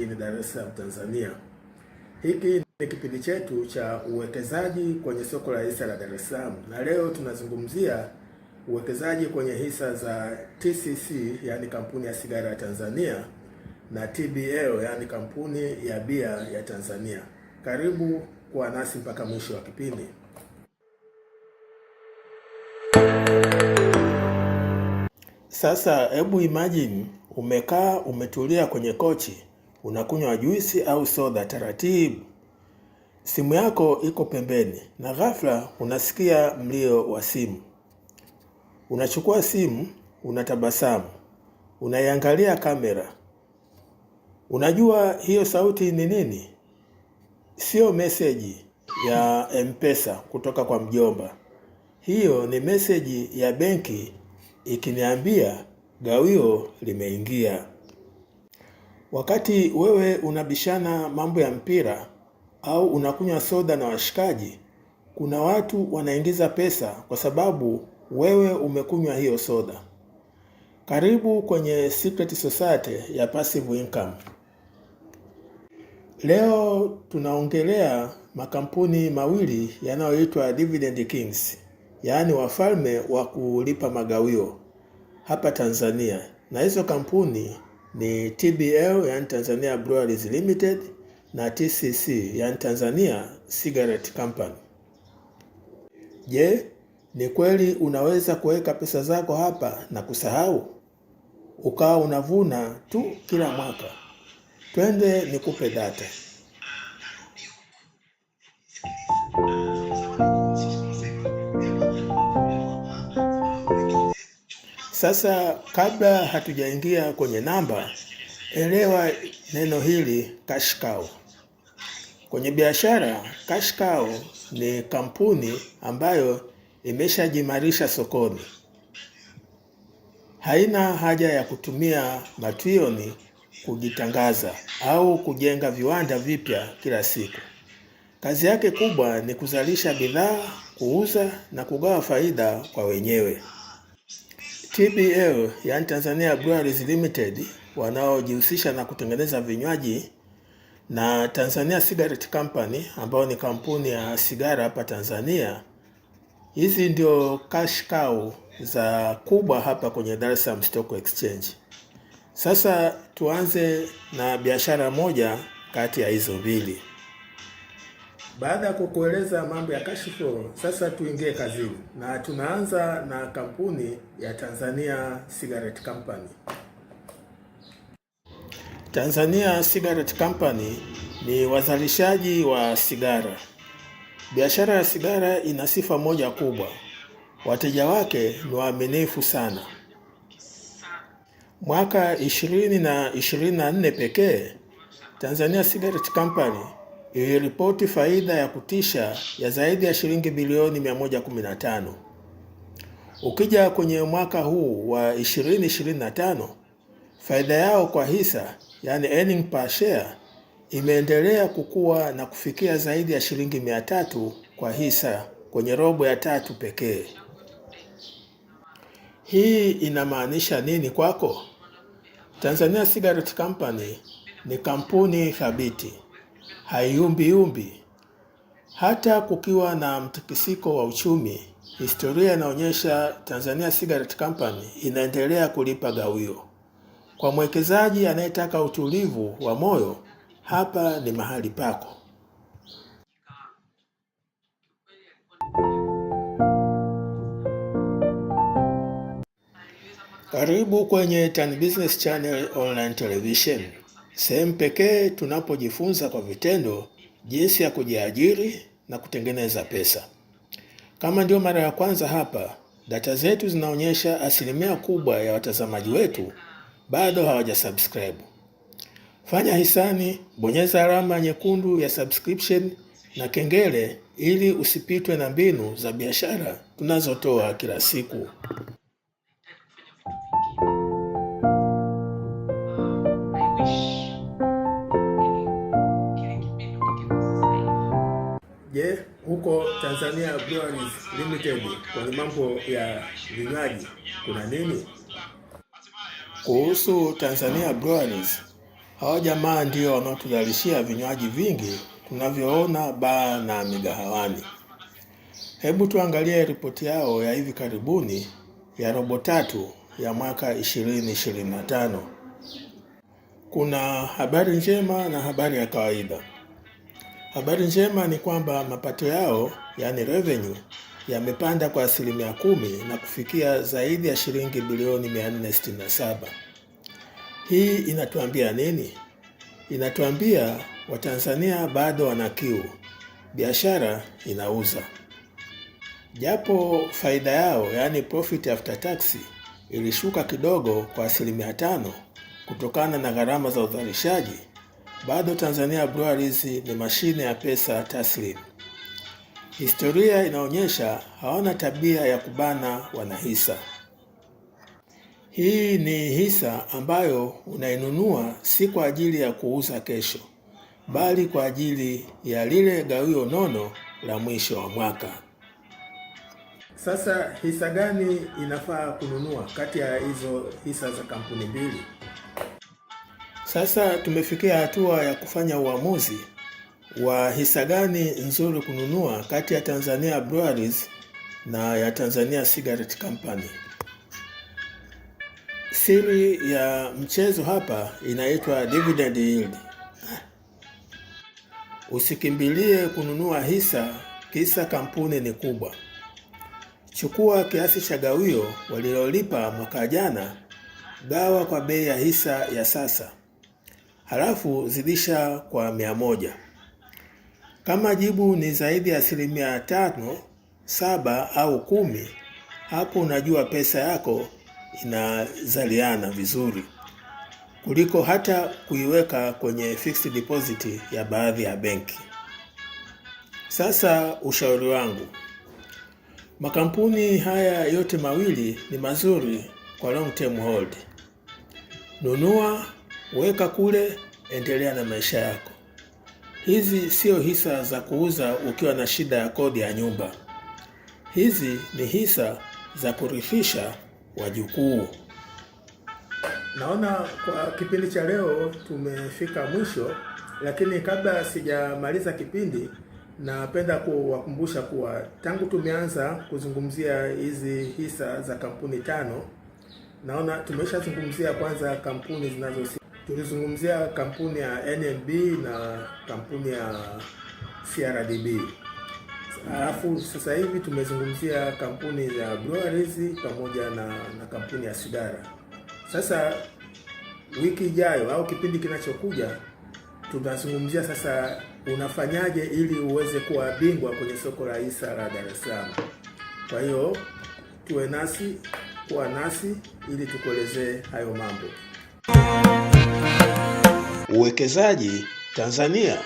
Jijini Dar es Salaam, Tanzania. Hiki ni kipindi chetu cha uwekezaji kwenye soko la hisa la Dar es Salaam, na leo tunazungumzia uwekezaji kwenye hisa za TCC, yaani kampuni ya sigara ya Tanzania, na TBL, yaani kampuni ya bia ya Tanzania. Karibu kuwa nasi mpaka mwisho wa kipindi. Sasa hebu imagine umekaa umetulia kwenye kochi unakunywa juisi au soda taratibu. Simu yako iko pembeni na ghafla unasikia mlio wa simu. Unachukua simu, unatabasamu, unaiangalia kamera. Unajua hiyo sauti ni nini? Sio meseji ya M-Pesa kutoka kwa mjomba. Hiyo ni meseji ya benki ikiniambia gawio limeingia. Wakati wewe unabishana mambo ya mpira au unakunywa soda na washikaji, kuna watu wanaingiza pesa kwa sababu wewe umekunywa hiyo soda. Karibu kwenye Secret Society ya Passive Income. Leo tunaongelea makampuni mawili yanayoitwa Dividend Kings, yaani wafalme wa kulipa magawio hapa Tanzania, na hizo kampuni ni TBL yani Tanzania Breweries Limited na TCC yani Tanzania Cigarette Company. Je, ni kweli unaweza kuweka pesa zako hapa na kusahau ukawa unavuna tu kila mwaka? Twende nikupe data. Sasa, kabla hatujaingia kwenye namba, elewa neno hili cash cow. Kwenye biashara, cash cow ni kampuni ambayo imeshajimarisha sokoni, haina haja ya kutumia mationi kujitangaza au kujenga viwanda vipya kila siku. Kazi yake kubwa ni kuzalisha bidhaa, kuuza na kugawa faida kwa wenyewe. TBL yani Tanzania Breweries Limited wanaojihusisha na kutengeneza vinywaji na Tanzania Cigarette Company ambayo ni kampuni ya sigara hapa Tanzania. Hizi ndio cash cow za kubwa hapa kwenye Dar es Salaam Stock Exchange. Sasa tuanze na biashara moja kati ya hizo mbili. Baada ya kukueleza mambo ya flow, sasa tuingie kazini, na tunaanza na kampuni ya Tanzania Cigarette Company. Tanzania Cigarette Company ni wazalishaji wa sigara. Biashara ya sigara ina sifa moja kubwa, wateja wake ni waaminifu sana. Mwaka 2024 24 pekee Tanzania Cigarette Company iliripoti faida ya kutisha ya zaidi ya shilingi bilioni 115. Ukija kwenye mwaka huu wa 2025, faida yao kwa hisa, yani earning per share, imeendelea kukua na kufikia zaidi ya shilingi 300 kwa hisa kwenye robo ya tatu pekee. Hii inamaanisha nini kwako? Tanzania Cigarette Company ni kampuni thabiti haiumbiumbi. Hata kukiwa na mtikisiko wa uchumi, historia inaonyesha Tanzania Cigarette Company inaendelea kulipa gawio. Kwa mwekezaji anayetaka utulivu wa moyo, hapa ni mahali pako. Karibu kwenye Tan Business Channel Online Television sehemu pekee tunapojifunza kwa vitendo jinsi ya kujiajiri na kutengeneza pesa. Kama ndio mara ya kwanza hapa, data zetu zinaonyesha asilimia kubwa ya watazamaji wetu bado hawajasubscribe. Fanya hisani, bonyeza alama nyekundu ya subscription na kengele ili usipitwe na mbinu za biashara tunazotoa kila siku. Tanzania Breweries Limited kwenye mambo ya vinywaji kuna nini? Kuhusu Tanzania Breweries, hawa jamaa ndio wanaotuzalishia vinywaji vingi tunavyoona baa na migahawani. Hebu tuangalie ripoti yao ya hivi karibuni ya robo tatu ya mwaka 2025. Kuna habari njema na habari ya kawaida. Habari njema ni kwamba mapato yao yani revenue yamepanda kwa asilimia kumi na kufikia zaidi ya shilingi bilioni 467. Hii inatuambia nini? Inatuambia Watanzania bado wana kiu, biashara inauza, japo faida yao yaani profit after tax ilishuka kidogo kwa asilimia tano kutokana na gharama za uzalishaji bado Tanzania Breweries ni mashine ya pesa taslim. Historia inaonyesha hawana tabia ya kubana wanahisa. Hii ni hisa ambayo unainunua si kwa ajili ya kuuza kesho, bali kwa ajili ya lile gawio nono la mwisho wa mwaka. Sasa hisa gani inafaa kununua kati ya hizo hisa za kampuni mbili? Sasa tumefikia hatua ya kufanya uamuzi wa hisa gani nzuri kununua kati ya Tanzania Breweries na ya Tanzania Cigarette Company. Siri ya mchezo hapa inaitwa dividend yield. Usikimbilie kununua hisa kisa kampuni ni kubwa. Chukua kiasi cha gawio walilolipa mwaka jana, gawa kwa bei ya hisa ya sasa halafu zidisha kwa mia moja. Kama jibu ni zaidi ya asilimia tano, saba au kumi, hapo unajua pesa yako inazaliana vizuri kuliko hata kuiweka kwenye fixed deposit ya baadhi ya benki. Sasa ushauri wangu, makampuni haya yote mawili ni mazuri kwa long term hold. Nunua weka kule, endelea na maisha yako. Hizi sio hisa za kuuza ukiwa na shida ya kodi ya nyumba. Hizi ni hisa za kurithisha wajukuu. Naona kwa kipindi cha leo tumefika mwisho, lakini kabla sijamaliza kipindi, napenda kuwakumbusha kuwa tangu tumeanza kuzungumzia hizi hisa za kampuni tano, naona tumeshazungumzia kwanza kampuni zinazo tulizungumzia kampuni ya NMB na kampuni ya CRDB. Alafu sasa hivi tumezungumzia kampuni ya Breweries pamoja na, na kampuni ya Sidara. Sasa wiki ijayo au kipindi kinachokuja tunazungumzia sasa unafanyaje ili uweze kuwa bingwa kwenye soko la hisa la Dar es Salaam. Kwa hiyo tuwe nasi, kuwa nasi ili tukuelezee hayo mambo uwekezaji Tanzania.